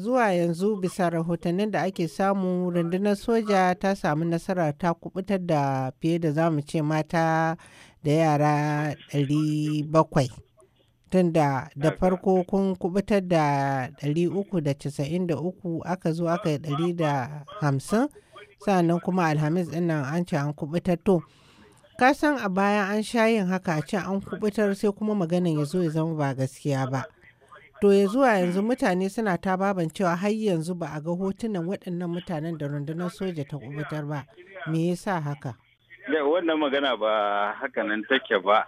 zuwa yanzu bisa rahotannin da ake samu rundunar soja ta samu nasara ta kubutar da fiye da zamu ce mata da yara 700 tun da farko kun kubutar da 393 aka zo aka yi 150 sannan kuma alhamis dinnan an ce an kubutar to san a bayan an sha yin haka a ce an kubutar sai kuma maganin ya zo ya zama ba gaskiya ba. To ya zuwa yanzu mutane suna ta baban cewa har yanzu ba a ga hotunan waɗannan mutanen da rundunar soja ta kubutar ba. Me yasa haka? Da wannan magana ba haka nan take ba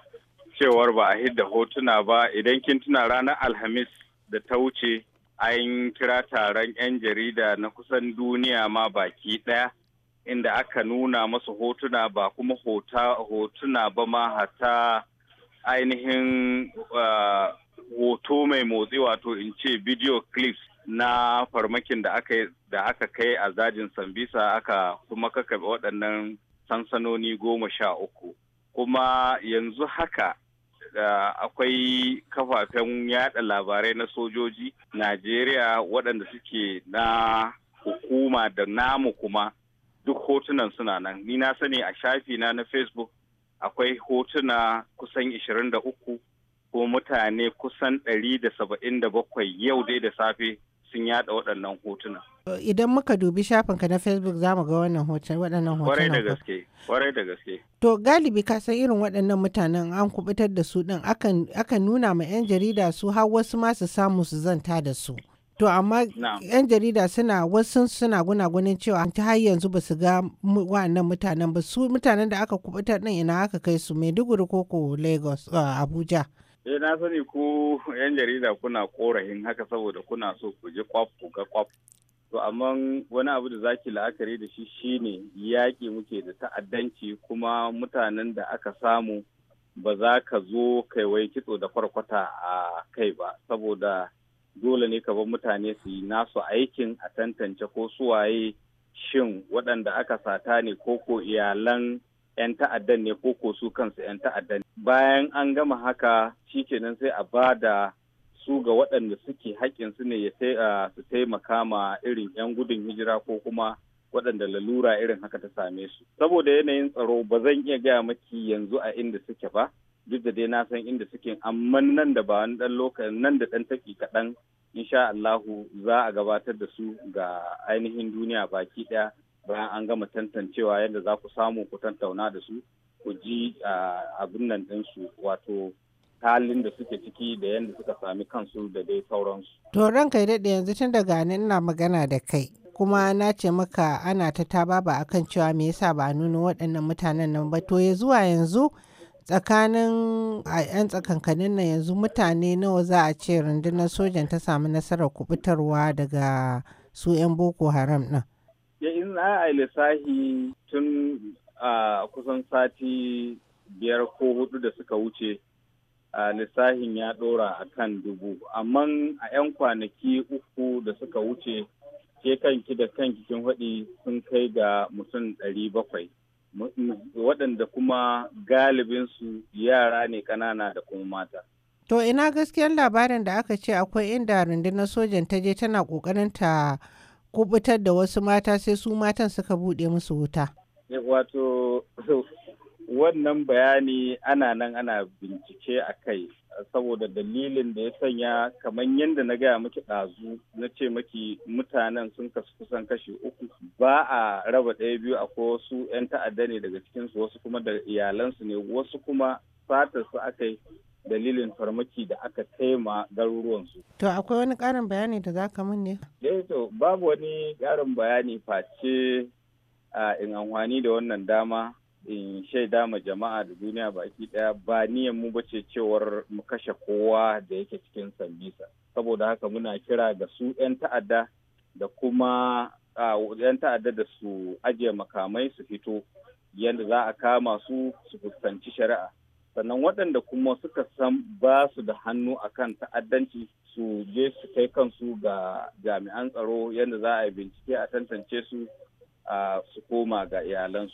cewar ba a hidda hotuna ba idan kin tuna ranar Alhamis da ta wuce an kira taron 'yan jarida na kusan duniya ma baki ɗaya inda aka nuna masu hotuna ba kuma hotuna ba ma hata ainihin ah, hoto mai motsi wato in ce video clips na farmakin da aka da aka kai a zajin sambisa aka kuma kaka waɗannan sansanoni goma sha uku kuma yanzu haka da akwai kafafen yada labarai na sojoji najeriya waɗanda suke na hukuma da namu kuma duk hotunan suna nan ni na sani a shafi na na facebook akwai hotuna kusan 23 ko mutane kusan 177 yau dai da safe sun yada waɗannan hotuna. Idan muka dubi shafinka na Facebook za mu ga wannan hotunan waɗannan hotunan. Kwarai da gaske, kwarai da gaske. To galibi ka san irin waɗannan mutanen an kubutar da su ɗin akan nuna ma 'yan jarida su har wasu ma su samu su zanta da su. To amma 'yan jarida suna wasu suna gunagunin cewa ta har yanzu ba su ga waɗannan mutanen ba su mutanen da aka kubutar ɗin ina aka kai su Maiduguri ko Lagos Abuja. Eh na sani ku 'yan jarida kuna korahin haka saboda kuna so ku je kwaf ku ga kwaf. To amma wani abu da zaki la'akari da shi shine yaƙi muke da ta'addanci kuma mutanen da aka samu ba za ka zo kai wai kitso da kwarkwata a kai ba saboda dole ne ka bar mutane su yi nasu aikin a tantance ko su waye shin waɗanda aka sata ne ko ko iyalan 'yan ta'addan ne ko ko su kansu 'yan ta'addan ne. bayan an gama haka shi kenan sai a ba da su ga waɗanda suke su ne su taimaka ma irin 'yan gudun hijira ko kuma waɗanda lalura irin haka ta same su saboda yanayin tsaro ba zan iya gaya maki yanzu a inda suke ba duk da dai na san inda suke amma nan da ba wani ɗan lokacin nan da ɗan taki kaɗan insha Allahu za a gabatar da su ga ainihin duniya baki ɗaya bayan an gama tantancewa yadda za ku samu ku tattauna da su ku ji abin nan ɗinsu wato halin da suke ciki da yadda suka sami kansu da dai sauransu. To ran kai daɗe yanzu tun daga ni ina magana da kai kuma na ce maka ana ta ta ba akan cewa me yasa ba a nuna waɗannan mutanen nan ba to ya zuwa yanzu tsakanin a 'yan tsakankanin nan yanzu mutane nawa za a ce rundunar sojan ta samu nasarar kubutarwa daga su 'yan boko haram ɗin. in a yi lissahi tun a kusan sati biyar ko hudu da suka wuce a lissahin ya dora a kan dubu amma a 'yan kwanaki uku da suka wuce ke kanki da kanki kin faɗi sun kai ga mutum ɗari bakwai waɗanda kuma galibinsu yara ne ƙanana da kuma mata to ina gaskiyar labarin da aka ce akwai inda rundunar sojan ta je tana ƙoƙarin ta kubutar da wasu mata sai su matan suka bude musu wuta. Eh, wato wannan bayani ana nan ana bincike a kai saboda dalilin da ya sanya kamar yadda na gaya miki ɗazu na ce maki mutanen sun kasu kusan kashi uku ba a raba ɗaya biyu ko wasu 'yan ta'adda ne daga cikinsu wasu kuma da iyalansu ne wasu kuma fatar su aka yi dalilin farmaki da aka taima ma garuruwansu. To akwai wani ƙarin bayani da za ka ne? Eh, babu wani ƙarin bayani face a in amfani da wannan dama in shaida ma jama'a da duniya baki daya ba niyan mu bace cewar mu kashe kowa da yake cikin sambisa saboda haka muna kira ga su 'yan ta'adda da kuma 'yan ta'adda da su ajiye makamai su fito yadda za a kama su su fuskanci shari'a sannan waɗanda kuma suka san ba su da hannu a kan ta'addanci su je su kai kansu ga jami'an tsaro yadda za a bincike a tantance su su koma ga iyalansu